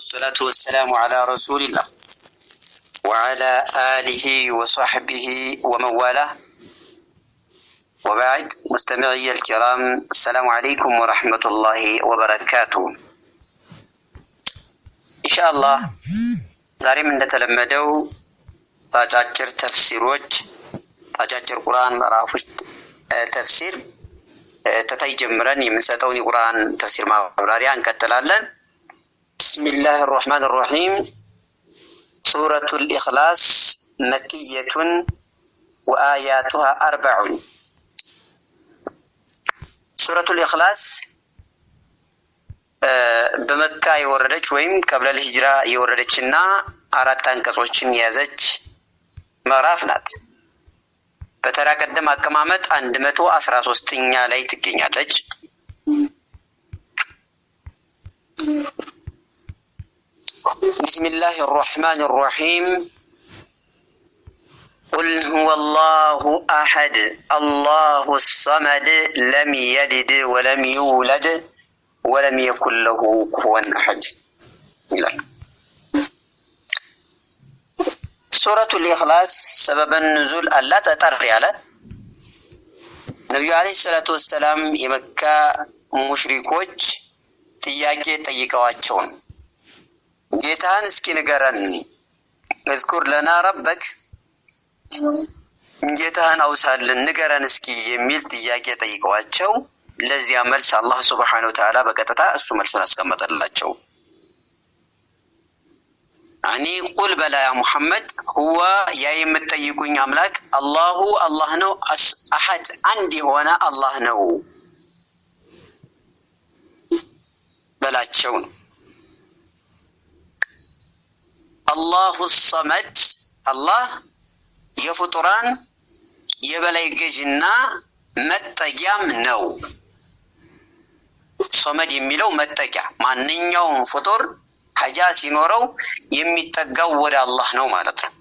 والصلاة والسلام على رسول الله وعلى آله وصحبه ومن والاه وبعد مستمعي الكرام السلام عليكم ورحمة الله وبركاته إن شاء الله نتلمدو ዛሬም تفسير وجه ተፍሲሮች قرآن ቁርአን تفسير ተፍሲር من ستوني قرآن تفسير ما ማብራሪያ እንቀጥላለን። ቢስሚላህ ራሕማን ራሒም ሱረቱል ኢኽላስ መክየቱን ወአያቱሃ አርባዑን። ሱረቱል ኢኽላስ በመካ የወረደች ወይም ቀብለል ሂጅራ የወረደች እና አራት አንቀጾችን የያዘች ምዕራፍ ናት። በተራ ቀደም አቀማመጥ አንድ መቶ አስራ ሶስተኛ ላይ ትገኛለች። بسم الله الرحمن الرحيم قل هو الله أحد الله الصمد لم يلد ولم يولد ولم يكن له كفوا أحد سورة الإخلاص سبب النزول ألا تتري على نبي عليه الصلاة والسلام يمكى ሙሽሪኮች تياكي تيكواتشون ጌታህን እስኪ ንገረን። እዝኩር ለና ረበክ ጌታህን አውሳልን ንገረን እስኪ የሚል ጥያቄ ጠይቀዋቸው ለዚያ መልስ አላህ ሱብሓነሁ ወተዓላ በቀጥታ እሱ መልሱን አስቀመጠላቸው። አኒ ቁል በላ ያ ሙሐመድ ሁዋ ያ የምትጠይቁኝ አምላክ አላሁ አላህ ነው። አሐድ አንድ የሆነ አላህ ነው በላቸው ነው አላሁ ሰመድ አላህ የፍጡራን የበላይ ገዥና መጠጊያም ነው። ሶመድ የሚለው መጠጊያ ማንኛውም ፍጡር ሀጃ ሲኖረው የሚጠጋው ወደ አላህ ነው ማለት ነው።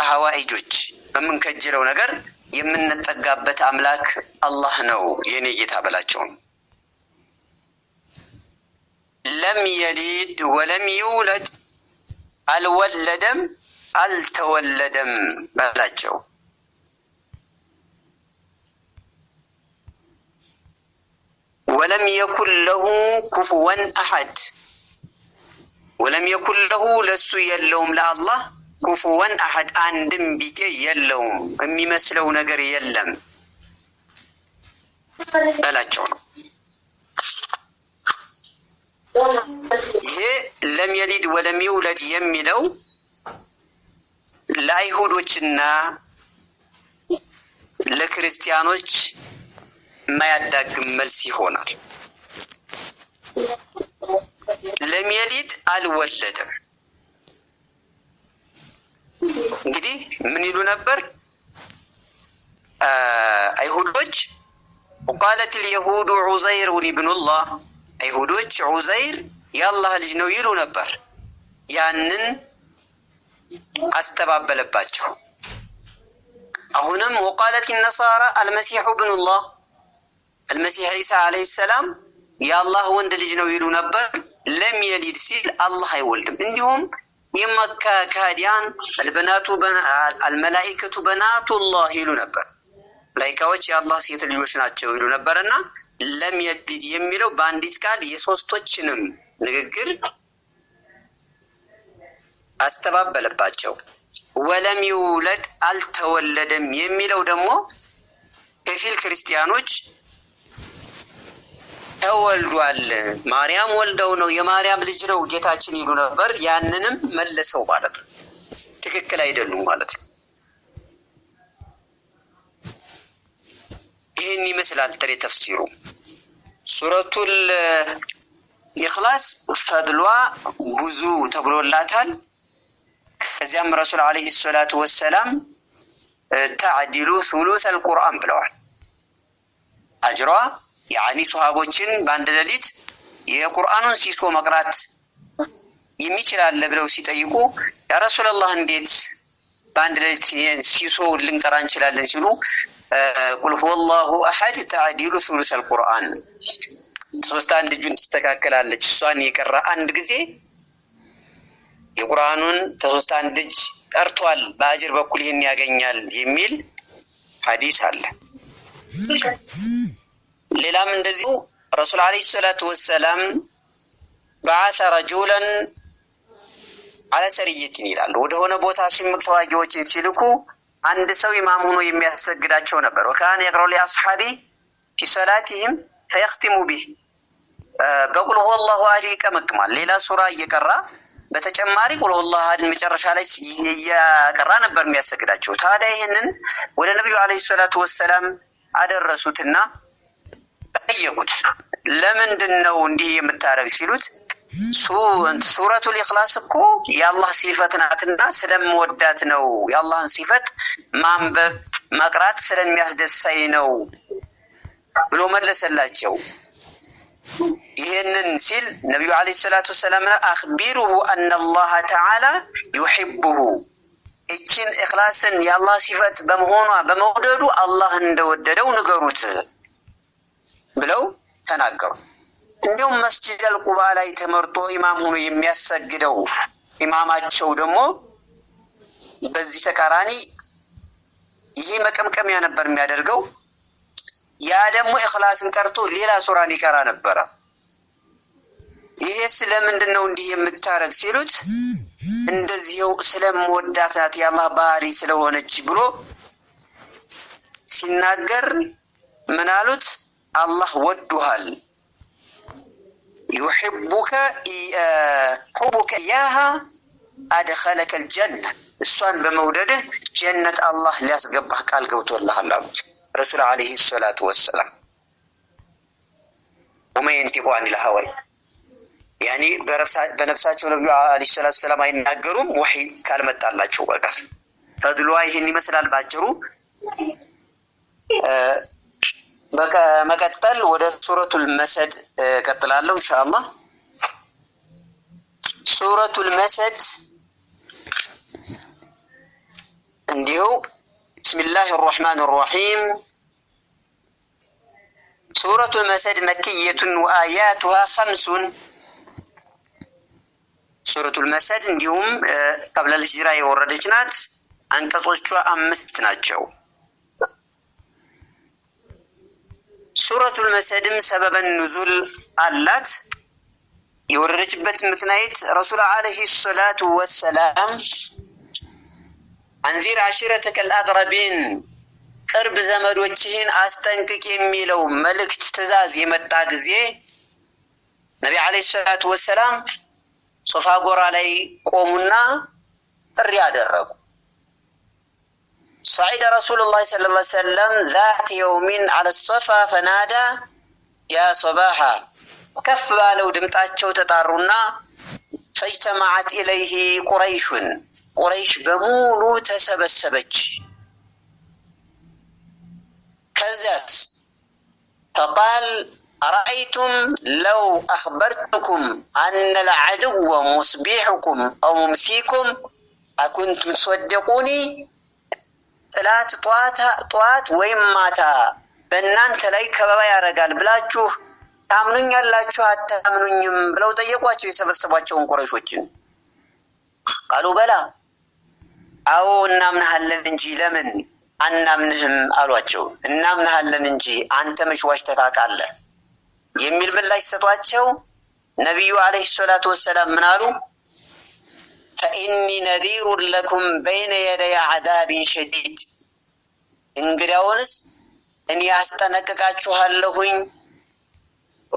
አህዋኢጆች በምንከጅለው ነገር የምንጠጋበት አምላክ አላህ ነው የኔ ጌታ በላቸው። ለም የሊድ ወለም ይውለድ አልወለደም አልተወለደም በላቸው። ወለም የኩን ለሁ ኩፍወን አሐድ ወለም የኩን ለሁ ለሱ የለውም ለአላህ ኩፍወን አሐድ አንድም ቢጤ የለውም የሚመስለው ነገር የለም በላቸው ነው። ይህ ለም የሊድ ወለም ይውለድ የሚለው ለአይሁዶችና ለክርስቲያኖች ማያዳግም መልስ ይሆናል። ለም የሊድ አልወለደም። እንግዲህ ምን ይሉ ነበር አይሁዶች? ወቃለት ልየሁዱ ዑዘይሩን ብኑላህ አይሁዶች ዑዘይር የአላህ ልጅ ነው ይሉ ነበር። ያንን አስተባበለባቸው። አሁንም ወቃለት ነሳራ አልመሲሑ ብኑላህ አልመሲሕ ዒሳ ዓለይሂ ሰላም የአላህ ወንድ ልጅ ነው ይሉ ነበር። ለም የሊድ ሲል አላህ አይወልድም። እንዲሁም የመካ ካዲያን አልበናቱ አልመላኢከቱ በናቱላህ ይሉ ነበር። መላኢካዎች የአላህ ሴት ልጆች ናቸው ይሉ ነበርና ለም የቢድ የሚለው በአንዲት ቃል የሶስቶችንም ንግግር አስተባበለባቸው። ወለም ይውለድ አልተወለደም የሚለው ደግሞ ከፊል ክርስቲያኖች ተወልዷል፣ ማርያም ወልደው ነው የማርያም ልጅ ነው ጌታችን ይሉ ነበር። ያንንም መለሰው ማለት ነው። ትክክል አይደሉም ማለት ነው። ይመስላል ጥሬ ተፍሲሩ። ሱረቱል ኢኽላስ ፈድሏ ብዙ ተብሎላታል። ከዚያም ረሱል ዓለይሂ ሰላቱ ወሰላም ተዕዲሉ ሱሉሰል ቁርአን ብለዋል። አጅሯ ያኒ ሶሃቦችን በአንድ ሌሊት የቁርአኑን ሲሶ መቅራት የሚችላለ ብለው ሲጠይቁ ያ ረሱላላህ እንዴት በአንድ ሌሊት ሲሶውን ልንቀራ እንችላለን ሲሉ ቁል ሁወላሁ አሐድ ተዕዲሉ ሱሉሰል ቁርአን ሶስት አንድ እጁን ትስተካከላለች። እሷን የቀራ አንድ ጊዜ የቁርአኑን ከሶስት አንድ እጅ ቀርቷል፣ በአጅር በኩል ይህን ያገኛል የሚል ሀዲስ አለ። ሌላም እንደዚሁ ረሱል ዓለይሂ ሰላቱ ወሰላም በዓሰ ረጁለን አለ ሰሪየትን ይላሉ። ወደሆነ ቦታ ሽምቅ ተዋጊዎችን ሲልኩ አንድ ሰው ኢማም ሆኖ የሚያሰግዳቸው ነበር። ወካነ የቅረኡ ሊአስሓቢ ፊ ሰላቲህም ቢህ በቁል ሁ አላሁ ይቀመቅማል። ሌላ ሱራ እየቀራ በተጨማሪ ቁል ሁ አላሁ መጨረሻ ላይ እያቀራ ነበር የሚያሰግዳቸው። ታዲያ ይህንን ወደ ነቢዩ ዓለይሂ ሰላቱ ወሰላም አደረሱትና ጠየቁት። ለምንድን ነው እንዲህ የምታደርግ ሲሉት ሱረቱል ኢኽላስ እኮ የአላህ ሲፈት ናትና ስለምወዳት ነው። የአላህን ሲፈት ማንበብ መቅራት ስለሚያስደሳይ ነው ብሎ መለሰላቸው። ይህንን ሲል ነቢዩ ዓለይሂ ሰላቱ ወሰላም አኽቢሩሁ አነ ተዓላ ዩሒቡሁ እችን እኽላስን የአላህ ሲፈት በመሆኗ በመውደዱ አላህ እንደወደደው ንገሩት ብለው ተናገሩ። እንዲሁም መስጅድ አልቁባ ላይ ተመርጦ ኢማም ሆኖ የሚያሰግደው ኢማማቸው ደግሞ በዚህ ተቃራኒ ይሄ መቀምቀሚያ ነበር የሚያደርገው። ያ ደግሞ እኽላስን ቀርቶ ሌላ ሱራን ይቀራ ነበረ። ይሄ ስለምንድን ነው እንዲህ የምታረግ ሲሉት እንደዚህው ስለምወዳት ናት የአላህ ባህሪ ስለሆነች ብሎ ሲናገር ምን አሉት? አላህ ወዱሃል ዩሕቡከ ሑቡከ እያሃ አደኸለከል ጀና እሷን በመውደድህ ጀነት አላህ ሊያስገባህ ቃል ገብቶልሃል አሉት ረሱል ዓለይሂ ሰላቱ ወሰላም። ወመየንቲቁ አኒል ሀዋይ ያኔ በነፍሳቸው ነቢዩ ዓለይሂ ሰላቱ ወሰላም አይናገሩም፣ ወሒ ካልመጣላቸው በቀር። ፈድሏ ይህን ይመስላል ባጭሩ። በመቀጠል ወደ ሱረቱል መሰድ ቀጥላለሁ ኢንሻአላህ። ሱረቱል መሰድ እንዲሁ ብስሚላህ አርራህማን አርራሂም። ሱረቱል መሰድ መክየቱን ወአያቱሃ ኸምሱን። ሱረቱል መሰድ እንዲሁም ቀብለል ሂጅራ የወረደች ናት። አንቀጾቿ አምስት ናቸው። ሱረቱል መሰድም ሰበበን ኑዙል አላት። የወረደችበት ምክንያት ረሱል ዓለይሂ ሰላቱ ወሰላም አንዚር አሽረተከል አቅረቢን ቅርብ ዘመዶችህን አስጠንቅቅ የሚለው መልእክት ትዕዛዝ የመጣ ጊዜ ነቢ ዓለይሂ ሰላቱ ወሰላም ሶፋ ጎራ ላይ ቆሙና ጥሪ አደረጉ። صعد رسول الله صلى الله عليه وسلم ذات يوم على الصفا فنادى يا صباحا ከፍ ባለው ድምጣቸው ተጣሩና ፈጅተማዓት ኢለይህ ቁረይሹን ቁረይሽ በሙሉ ተሰበሰበች። ከዚያስ ፈቃል አረአይቱም ለው አኽበርቱኩም አነ ልዓድወ ሙስቢሑኩም አው ሙምሲኩም አኩንቱም ሰደቁኒ ጥላት ጠዋት ወይም ማታ በእናንተ ላይ ከበባ ያደርጋል ብላችሁ ታምኑኛላችሁ አታምኑኝም? ብለው ጠየቋቸው የሰበሰቧቸውን ቁረሾችን። ቃሉ በላ አዎ እናምናሃለን እንጂ ለምን አናምንህም አሏቸው። እናምናሃለን እንጂ አንተ መች ዋሽተህ ታውቃለህ? የሚል ምላሽ ሰጧቸው። ነቢዩ አለይሂ ሰላቱ ወሰላም ምን አሉ? ፈኢኒ ነዚሩን ለኩም በይነ የደይ አዛቢን ሸዲድ እንግዲያውንስ እኔ አስጠነቅቃችኋለሁኝ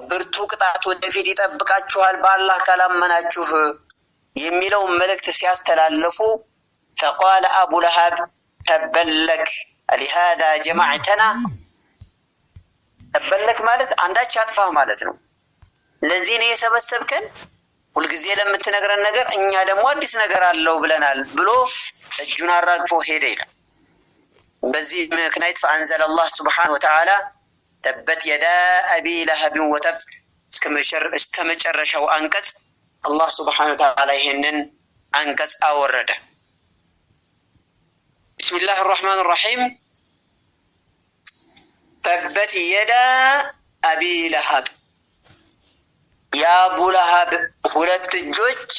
ብርቱ ቅጣት ወደፊት ይጠብቃችኋል በአላህ ካላመናችሁ የሚለውን መልእክት ሲያስተላልፉ ፈቃለ አቡ ለሀብ ተበለክ ሊሃዛ ጀማዕተና ተበለክ ማለት አንዳች አጥፋህ ማለት ነው። ለዚህ ነው የሰበሰብከን ሁልጊዜ ለምትነግረን ነገር እኛ ደግሞ አዲስ ነገር አለው ብለናል ብሎ እጁን አራግፎ ሄደ ይላል። በዚህ ምክንያት ፈአንዘለ አላህ ስብሓነሁ ወተዓላ ተበት የዳ አቢ ለሀብን ወተብ እስከ መጨረሻው አንቀጽ አላህ ስብሓነሁ ወተዓላ ይሄንን አንቀጽ አወረደ። ብስሚላህ አራሕማን ራሒም ተበት የዳ አቢ ለሀብ የአቡ ለሀብ ሁለት እጆች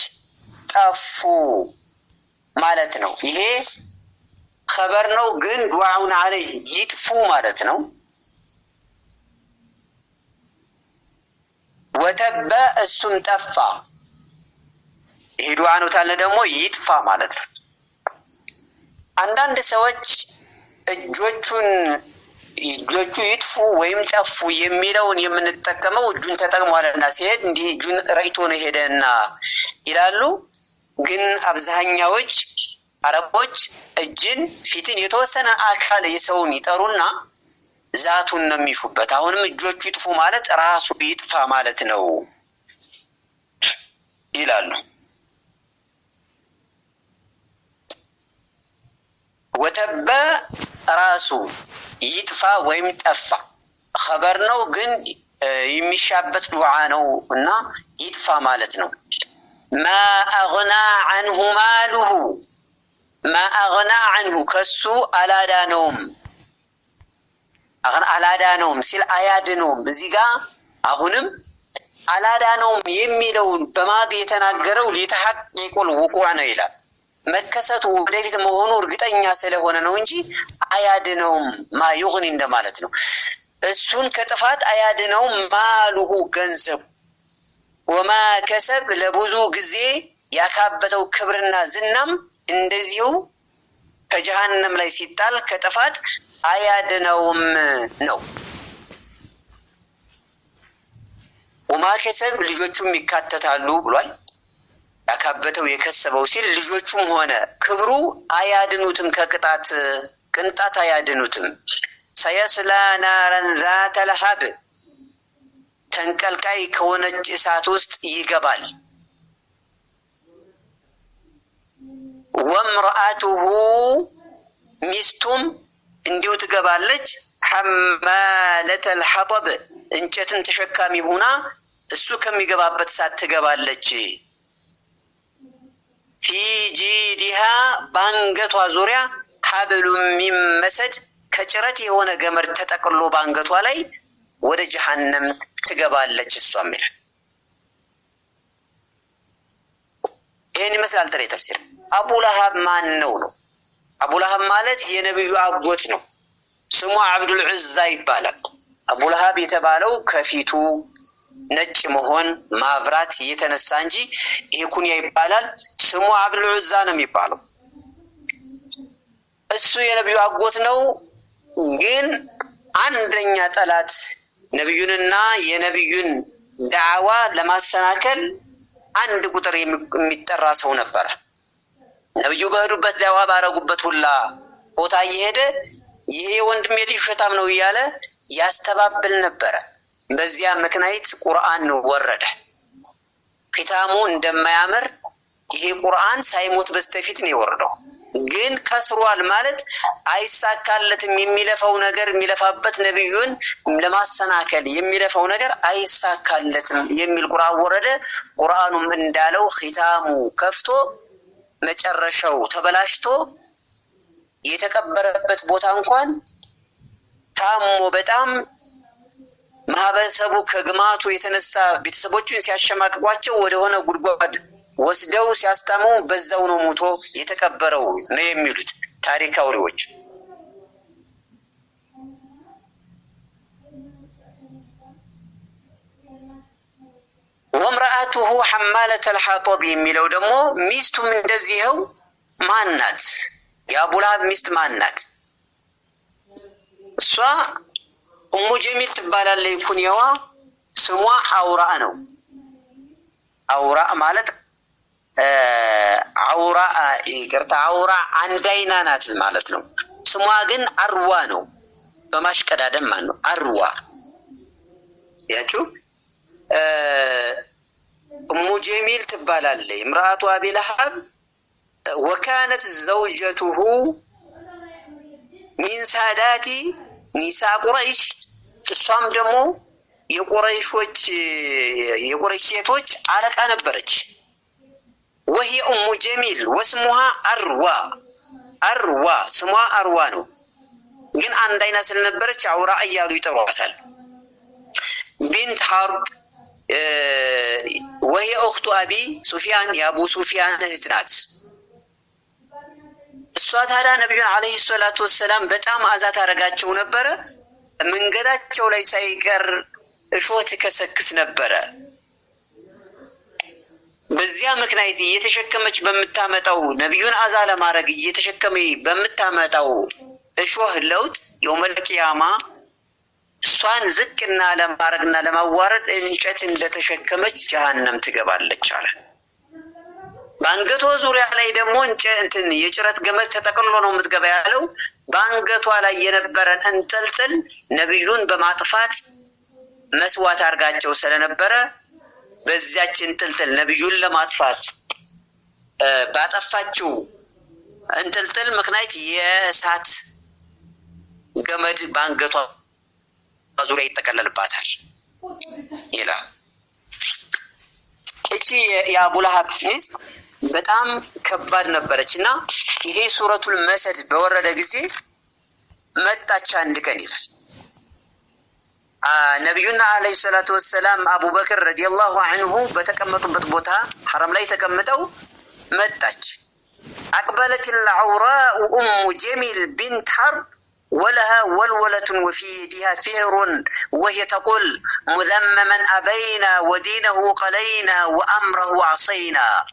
ጠፉ ማለት ነው። ይሄ ኸበር ነው፣ ግን ዱዓውን አለ ይጥፉ ማለት ነው። ወተበ እሱም ጠፋ። ይሄ ዱዓ ነው ታለ ደግሞ ይጥፋ ማለት ነው። አንዳንድ ሰዎች እጆቹን እጆቹ ይጥፉ ወይም ጠፉ የሚለውን የምንጠቀመው እጁን ተጠቅሟልና ሲሄድ እንዲህ እጁን ረጭቶ ነው ሄደና ይላሉ። ግን አብዛኛዎች አረቦች እጅን፣ ፊትን የተወሰነ አካል የሰውን ይጠሩና ዛቱን ነው የሚሹበት። አሁንም እጆቹ ይጥፉ ማለት ራሱ ይጥፋ ማለት ነው ይላሉ። ወተበ ራሱ ይጥፋ ወይም ጠፋ ኸበር ነው፣ ግን የሚሻበት ዱዓ ነው እና ይጥፋ ማለት ነው። ማ አግና አንሁ ማሉሁ ማ አግና አንሁ ከሱ አላዳነውም አላዳነውም ሲል አያድነውም። እዚህ ጋ አሁንም አላዳነውም የሚለውን በማድ የተናገረው ሊተሐቂቁል ውቁዕ ነው ይላል መከሰቱ ወደፊት መሆኑ እርግጠኛ ስለሆነ ነው እንጂ አያድነውም። ማዩኒ እንደማለት ነው። እሱን ከጥፋት አያድነውም። ማሉሁ ገንዘቡ ወማ ከሰብ ለብዙ ጊዜ ያካበተው ክብርና ዝናም እንደዚሁ ከጀሃነም ላይ ሲጣል ከጥፋት አያድነውም ነው። ወማ ከሰብ ልጆቹም ይካተታሉ ብሏል። ያካበተው የከሰበው ሲል ልጆቹም ሆነ ክብሩ አያድኑትም፣ ከቅጣት ቅንጣት አያድኑትም። ሰየስላ ናረን ዛተ ተንቀልቃይ ከሆነች እሳት ውስጥ ይገባል። ወምርአቱሁ ሚስቱም እንዲሁ ትገባለች። ሐማለተ ልሐጠብ እንጨትን ተሸካሚ ሆና እሱ ከሚገባበት እሳት ትገባለች። ፊጂዲሃ በአንገቷ ዙሪያ ሀብሉ የሚመሰድ ከጭረት የሆነ ገመድ ተጠቅሎ በአንገቷ ላይ ወደ ጀሀነም ትገባለች። እሷ ይላል። ይህን ይመስላል ጥሬ ተፍሲር። አቡላሃብ ማን ነው ነው? አቡላሃብ ማለት የነቢዩ አጎት ነው። ስሙ አብዱል ዑዛ ይባላል። አቡላሃብ የተባለው ከፊቱ ነጭ መሆን ማብራት የተነሳ እንጂ ይሄ ኩንያ ይባላል። ስሙ አብል ዑዛ ነው የሚባለው። እሱ የነቢዩ አጎት ነው። ግን አንደኛ ጠላት ነቢዩንና የነቢዩን ዳዕዋ ለማሰናከል አንድ ቁጥር የሚጠራ ሰው ነበረ። ነቢዩ በሄዱበት ዳዕዋ ባረጉበት ሁላ ቦታ እየሄደ ይሄ ወንድም የልጅ ውሸታም ነው እያለ ያስተባብል ነበረ። በዚያ ምክንያት ቁርአን ወረደ። ኪታሙ እንደማያምር ይሄ ቁርአን ሳይሞት በስተፊት ነው የወረደው። ግን ከስሯል ማለት አይሳካለትም። የሚለፋው ነገር የሚለፋበት ነቢዩን ለማሰናከል የሚለፋው ነገር አይሳካለትም የሚል ቁርአን ወረደ። ቁርአኑም እንዳለው ኪታሙ ከፍቶ መጨረሻው ተበላሽቶ የተቀበረበት ቦታ እንኳን ታሞ በጣም ማህበረሰቡ ከግማቱ የተነሳ ቤተሰቦቹን ሲያሸማቅቋቸው ወደሆነ ጉድጓድ ወስደው ሲያስታሙ በዛው ነው ሞቶ የተቀበረው ነው የሚሉት ታሪክ አውሪዎች። ወምርአቱሁ ሐማለተ ልሓጦብ የሚለው ደግሞ ሚስቱም እንደዚህው ማን ናት? የአቡላሃብ ሚስት ማን ናት? እሷ ኡሙ ጀሚል ትባላለች። ኩንያዋ ስሟ አውራ ነው። አውራ ማለት አውራ ይቅርታ፣ አውራ አንድ አይና ናት ማለት ነው። ስሟ ግን አርዋ ነው። በማሽቀዳደም ማለት ነው። አርዋ ያችሁ እሙ ጀሚል ትባላለች። እምራአቱ አቢ ለሀብ ወካነት ዘውጀቱሁ ሚን ሳዳቲ ኒሳ ቁረይሽ እሷም ደግሞ የቁረይሾች የቁረይሽ ሴቶች አለቃ ነበረች። ወሂ ኡሙ ጀሚል ወስሙሃ አርዋ አርዋ ስሟ አርዋ ነው፣ ግን አንድ አይነት ስለነበረች አውራ እያሉ ይጠሯታል። ቢንት ሐርብ ወሂ ኡኽቱ አቢ ሱፊያን የአቡ ሱፊያን እህት ናት። እሷ ታዲያ ነቢዩን አለይሂ ሰላቱ ወሰላም በጣም አዛ ታደርጋቸው ነበረ። መንገዳቸው ላይ ሳይቀር እሾት ትከሰክስ ነበረ። በዚያ ምክንያት እየተሸከመች በምታመጣው ነቢዩን አዛ ለማድረግ እየተሸከመ በምታመጣው እሾህ ለውጥ የውመል ቂያማ እሷን ዝቅና ለማድረግና ለማዋረድ እንጨት እንደተሸከመች ጀሃነም ትገባለች አለ። በአንገቷ ዙሪያ ላይ ደግሞ እንትን የጭረት ገመድ ተጠቅልሎ ነው የምትገባ ያለው። በአንገቷ ላይ የነበረን እንጥልጥል ነቢዩን በማጥፋት መስዋዕት አድርጋቸው ስለነበረ በዚያች እንጥልጥል ነቢዩን ለማጥፋት ባጠፋችው እንጥልጥል ምክንያት የእሳት ገመድ በአንገቷ ዙሪያ ይጠቀለልባታል ይላል። እቺ የአቡላሀብ ሚስት በጣም ከባድ ነበረች እና ይሄ ሱረቱል መሰድ በወረደ ጊዜ መጣች አንድ ቀን ይላል ነቢዩና አለይሂ ሰላቱ ወሰላም አቡበክር ረዲየላሁ አንሁ በተቀመጡበት ቦታ ሐረም ላይ ተቀምጠው መጣች። አቅበለት ልዐውራ ኡሙ ጀሚል ቢንት ሐርብ ولها ولولة وفي يدها فئر وهي تقول مذمما أبينا ودينه قلينا وأمره عصينا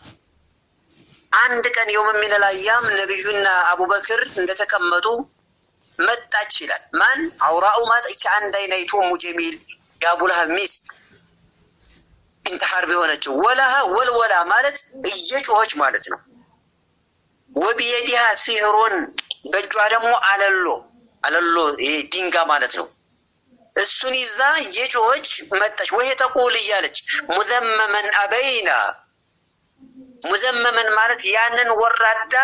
عندك أن يوم من الأيام نبينا أبو بكر نتكمدو ما تأتشلت من عوراء ما تأتش عندي نيتوم جميل يا أبو لها ميست انت حربي هنا ولها ولولا مالت إيجيش وهش مالتنا وبيدها فئر بجوارمو على اللو አለሎ ይሄ ማለት ነው። እሱን ይዛ የጮች መጣች። ወይ ተቁል እያለች ሙዘመመን አበይና ሙዘመመን ማለት ያንን ወራዳ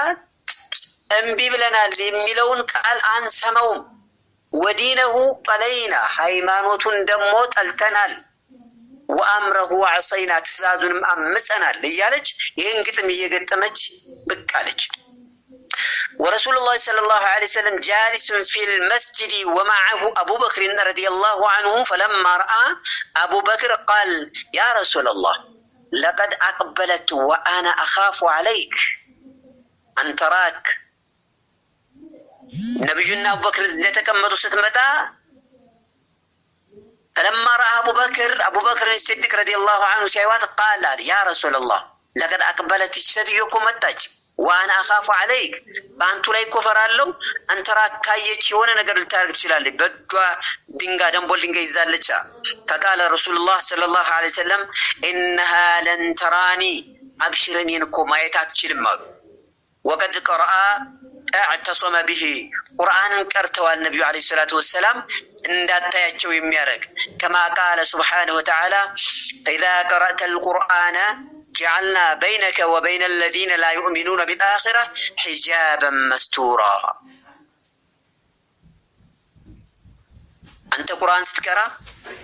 እምቢ ብለናል የሚለውን ቃል አንሰማውም። ወዲነሁ ቀለይና ሃይማኖቱን ደግሞ ጠልተናል። ወአምረሁ አዕሰይና ትእዛዙንም አምፀናል እያለች ይህን ግጥም እየገጠመች ብቅ አለች። رسول الله صلى الله عليه وسلم جالس في المسجد ومعه أبو بكر رضي الله عنه فلما رأى أبو بكر قال يا رسول الله لقد أقبلت وأنا أخاف عليك أن تراك نبينا أبو بكر نتكمد ستمتا فلما رأى أبو بكر أبو بكر الصديق رضي الله عنه شيوات قال يا رسول الله لقد أقبلت الشديق ومتاجب ዋና አኻፉ አለይክ በአንቱ ላይ ኮፈራለው። አንተራ ካየች የሆነ ነገር ልታደርግ ትችላለች። በእጇ ድንጋ ደንቦል ድንጋይ ይዛለቻ። ፈቃለ ረሱሉላህ ሰለላሁ ዐለይሂ ወሰለም ኢነሃ ለንተራኒ አብሽር፣ እኔን እኮ ማየት አትችልም አሉ። ወቀድ ቀረአ እዕተሶመ ብሂ ቁርአንን ቀርተዋል ነቢዩ ዐለይሂ ሰላቱ ወሰላም እንዳታያቸው የሚያደርግ ከማ ቃለ ሱብሓነሁ ወተዓላ ኢዛ ቀረአተ አልቁርአነ جعلنا بينك وبين الذين لا يؤمنون بالآخرة حجابا مستورا أنت قرآن ستكرا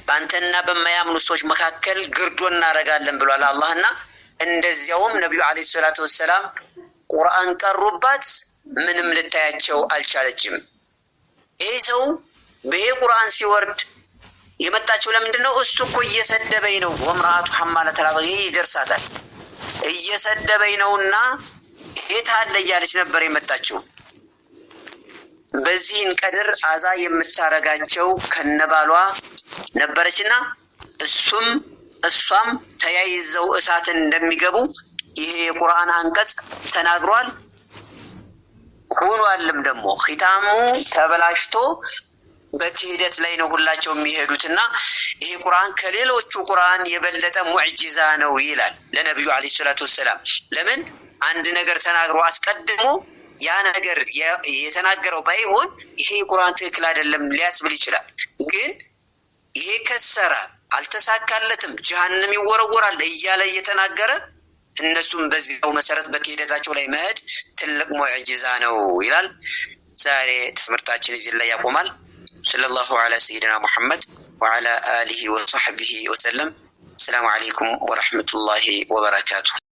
بأنت النابا ما يامن السوش مكاكل قردونا رقال لنبلو على الله عند الزيوم نبي عليه الصلاة والسلام قرآن كالربات من ملتاياتشو الجم إيه سو بهي قرآن سيورد የመጣችው ለምንድን ነው? እሱ እኮ እየሰደበኝ ነው። ወምራቱ ሐማለተል ሐጠብ ይደርሳታል። እየሰደበኝ ነውና ጌታ አለ እያለች ነበር የመጣችው። በዚህን ቀድር አዛ የምታረጋቸው ከነባሏ ነበረችና እሱም እሷም ተያይዘው እሳትን እንደሚገቡ ይሄ የቁርአን አንቀጽ ተናግሯል። ሆኗልም ደግሞ ኺታሙ ተበላሽቶ በክህደት ላይ ነው ሁላቸው የሚሄዱት እና ይሄ ቁርአን ከሌሎቹ ቁርአን የበለጠ ሙዕጂዛ ነው ይላል ለነቢዩ ዓለይሂ ሰላቱ ወሰላም። ለምን አንድ ነገር ተናግሮ አስቀድሞ ያ ነገር የተናገረው ባይሆን ይሄ ቁርአን ትክክል አይደለም ሊያስብል ይችላል። ግን ይሄ ከሰራ አልተሳካለትም፣ ጀሃንም ይወረወራል እያለ እየተናገረ እነሱም በዚያው መሰረት በክህደታቸው ላይ መሄድ ትልቅ ሙዕጂዛ ነው ይላል። ዛሬ ትምህርታችን እዚህ ላይ ያቆማል። صلى الله على سيدنا محمد وعلى آله وصحبه وسلم السلام عليكم ورحمة الله وبركاته